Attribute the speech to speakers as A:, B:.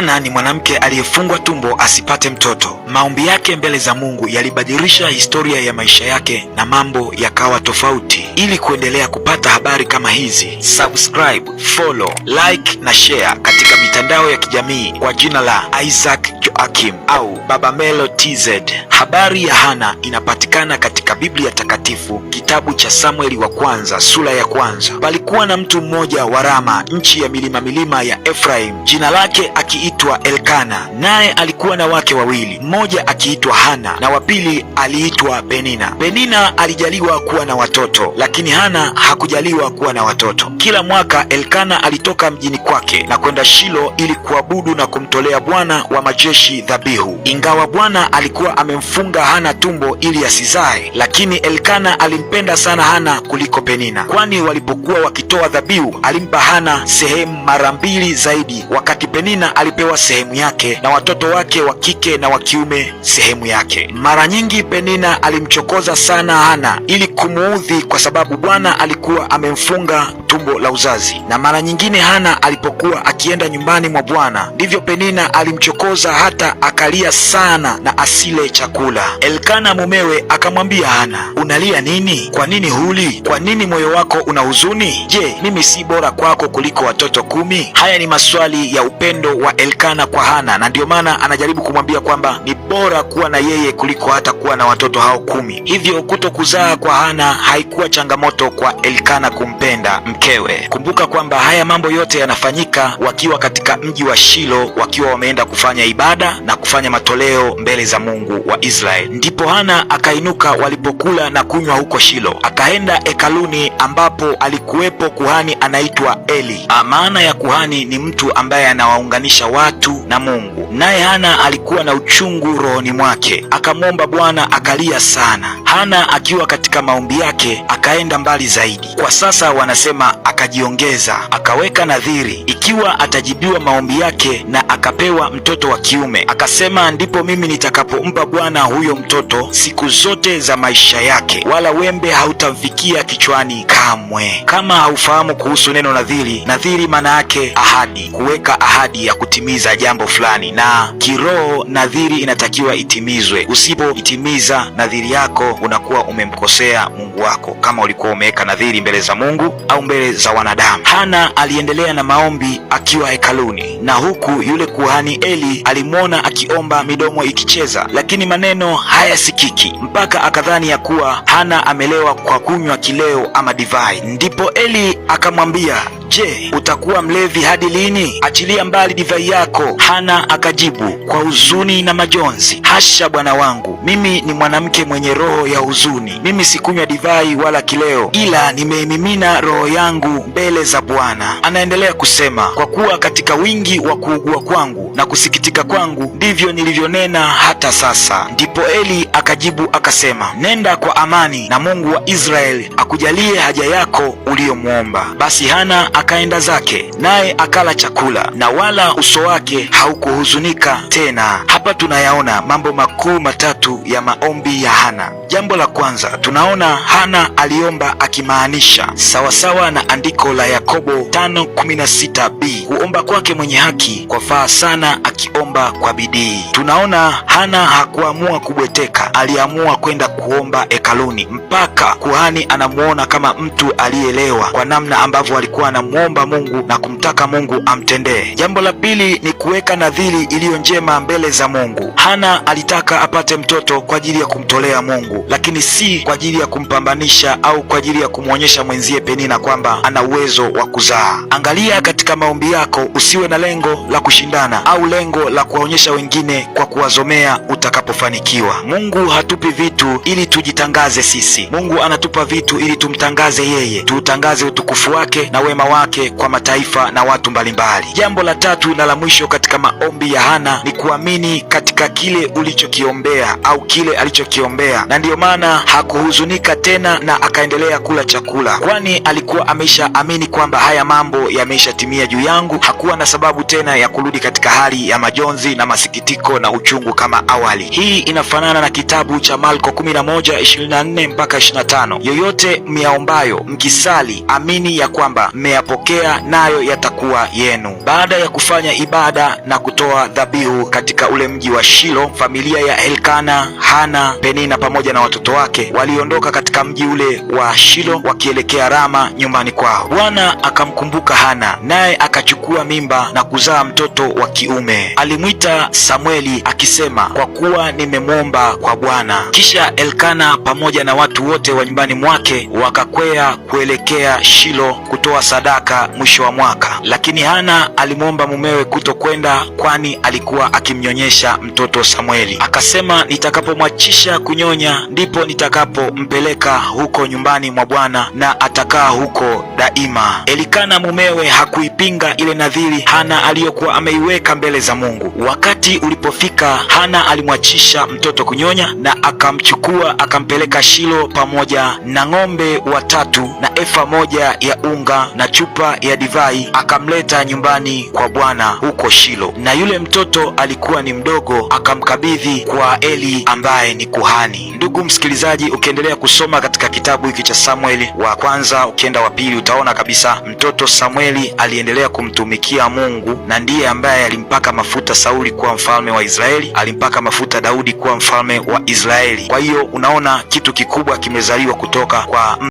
A: Hana ni mwanamke aliyefungwa tumbo asipate mtoto. Maombi yake mbele za Mungu yalibadilisha historia ya maisha yake na mambo yakawa tofauti. Ili kuendelea kupata habari kama hizi, subscribe, follow, like na share katika mitandao ya kijamii kwa jina la Isaac Joakim au Baba Melo TZ. Habari ya Hana inapatikana katika Biblia Takatifu, kitabu cha Samueli wa kwanza sura ya kwanza. Palikuwa na mtu mmoja wa Rama, nchi ya milima milima ya Efraim, jina lake akiitwa Elkana, naye alikuwa na wake wawili, mmoja akiitwa Hana na wa pili aliitwa Penina. Penina alijaliwa kuwa na watoto, lakini Hana hakujaliwa kuwa na watoto. Kila mwaka Elkana alitoka mjini kwake na kwenda Shilo ili kuabudu na kumtolea Bwana wa majeshi dhabihu. Ingawa Bwana alikuwa amemfunga Hana tumbo ili asizae, lakini Elkana alimpenda sana Hana kuliko Penina, kwani walipokuwa wakitoa dhabihu alimpa Hana sehemu mara mbili zaidi, wakati Penina alipewa sehemu yake na watoto wake wa kike na wa kiume sehemu yake. Mara nyingi Penina alimchokoza sana Hana ili kumuudhi, kwa sababu Bwana alikuwa amemfunga tumbo la uzazi, na mara nyingine Hana alipokuwa akienda nyumbani mwa Bwana. Ndivyo Penina alimchokoza hata akalia sana na asile chakula. Elkana mumewe akamwambia Hana, unalia nini? Kwa nini huli? Kwa nini moyo wako una huzuni? Je, mimi si bora kwako kuliko watoto kumi? Haya ni maswali ya upendo wa Elkana kwa Hana, na ndiyo maana anajaribu kumwambia kwamba ni bora kuwa na yeye kuliko hata kuwa na watoto hao kumi. Hivyo kuto kuzaa kwa Hana haikuwa changamoto kwa Elkana kumpenda mkewe. Kumbuka kwamba haya mambo yote yanafanyika wakiwa wakiwa katika mji wa Shilo wakiwa wameenda kufanya ibada na kufanya matoleo mbele za Mungu wa Israeli. Ndipo Hana akainuka walipokula na kunywa huko Shilo, akaenda hekaluni ambapo alikuwepo kuhani anaitwa Eli. Ah, maana ya kuhani ni mtu ambaye anawaunganisha watu na Mungu. Naye Hana alikuwa na uchungu rohoni mwake, akamwomba Bwana akalia sana. Hana akiwa katika maombi yake akaenda mbali zaidi, kwa sasa wanasema akajiongeza, akaweka nadhiri ikiwa atajibiwa maombi yake na akapewa mtoto wa kiume, akasema ndipo mimi nitakapompa Bwana huyo mtoto siku zote za maisha yake, wala wembe hautamfikia kichwani kamwe. Kama haufahamu kuhusu neno nadhiri, nadhiri maana yake ahadi, kuweka ahadi ya kutimiza jambo jambo fulani, na kiroho nadhiri inatakiwa itimizwe. Usipoitimiza nadhiri yako, unakuwa umemkosea Mungu wako, kama ulikuwa umeweka nadhiri mbele za Mungu au mbele za wanadamu. Hana aliendelea na maombi akiwa hekaluni, na huku yule kuhani Eli alimwona akiomba midomo ikicheza, lakini maneno hayasikiki, mpaka akadhani ya kuwa Hana amelewa kwa kunywa kileo ama divai. Ndipo Eli akamwambia Je, utakuwa mlevi hadi lini? Achilia mbali divai yako. Hana akajibu kwa huzuni na majonzi, hasha bwana wangu, mimi ni mwanamke mwenye roho ya huzuni. Mimi sikunywa divai wala kileo, ila nimeimimina roho yangu mbele za Bwana. Anaendelea kusema, kwa kuwa katika wingi wa kuugua kwangu na kusikitika kwangu ndivyo nilivyonena hata sasa. Ndipo Eli akajibu akasema, nenda kwa amani, na Mungu wa Israeli akujalie haja yako uliyomwomba. Basi Hana akaenda zake, naye akala chakula, na wala uso wake haukuhuzunika tena. Hapa tunayaona mambo makuu matatu ya maombi ya Hana. Jambo la kwanza tunaona Hana aliomba akimaanisha sawasawa na andiko la Yakobo 5:16b, kuomba kwake mwenye haki kwa faa sana akiomba kwa bidii. Tunaona Hana hakuamua kubweteka, aliamua kwenda kuomba hekaluni mpaka kuhani anamuona kama mtu aliyelewa, kwa namna ambavyo alikuwa anamwomba Mungu na kumtaka Mungu amtendee. Jambo la pili ni kuweka nadhiri iliyo njema mbele za Mungu. Hana alitaka apate mtoto kwa ajili ya kumtolea Mungu lakini si kwa ajili ya kumpambanisha au kwa ajili ya kumwonyesha mwenzie Penina kwamba ana uwezo wa kuzaa. Angalia katika maombi yako, usiwe na lengo la kushindana au lengo la kuwaonyesha wengine kwa kuwazomea utakapofanikiwa. Mungu hatupi vitu ili tujitangaze sisi. Mungu anatupa vitu ili tumtangaze yeye, tuutangaze utukufu wake na wema wake kwa mataifa na watu mbalimbali. Jambo la tatu na la mwisho katika maombi ya Hana ni kuamini katika kile ulichokiombea au kile alichokiombea na ndiyo maana hakuhuzunika tena na akaendelea kula chakula, kwani alikuwa ameshaamini kwamba haya mambo yameshatimia juu yangu. Hakuwa na sababu tena ya kurudi katika hali ya majonzi na masikitiko na uchungu kama awali. Hii inafanana na kitabu cha Marko 11:24 mpaka 25, yoyote myaombayo mkisali, amini ya kwamba mmeyapokea, nayo yatakuwa yenu. Baada ya kufanya ibada na kutoa dhabihu katika ule mji wa Shilo, familia ya Elkana, Hana, Penina pamoja na na watoto wake waliondoka katika mji ule wa Shilo wakielekea Rama nyumbani kwao. Bwana akamkumbuka Hana, naye akachukua mimba na kuzaa mtoto wa kiume. Alimwita Samueli akisema, kwa kuwa nimemwomba kwa Bwana. Kisha Elkana pamoja na watu wote wa nyumbani mwake wakakwea kuelekea Shilo kutoa sadaka mwisho wa mwaka, lakini Hana alimwomba mumewe kutokwenda, kwani alikuwa akimnyonyesha mtoto Samueli. Akasema, nitakapomwachisha kunyonya ndipo nitakapompeleka huko nyumbani mwa Bwana na atakaa huko daima. Elikana mumewe hakuipinga ile nadhiri Hana aliyokuwa ameiweka mbele za Mungu. Wakati ulipofika, Hana alimwachisha mtoto kunyonya na akamchukua akampeleka Shilo pamoja na ng'ombe watatu na efa moja ya unga na chupa ya divai, akamleta nyumbani kwa Bwana huko Shilo. Na yule mtoto alikuwa ni mdogo, akamkabidhi kwa Eli ambaye ni kuhani. Ndugu ndugu msikilizaji, ukiendelea kusoma katika kitabu hiki cha Samueli wa kwanza ukienda wa pili, utaona kabisa mtoto Samueli aliendelea kumtumikia Mungu na ndiye ambaye alimpaka mafuta Sauli kuwa mfalme wa Israeli, alimpaka mafuta Daudi kuwa mfalme wa Israeli. Kwa hiyo unaona kitu kikubwa kimezaliwa kutoka kwa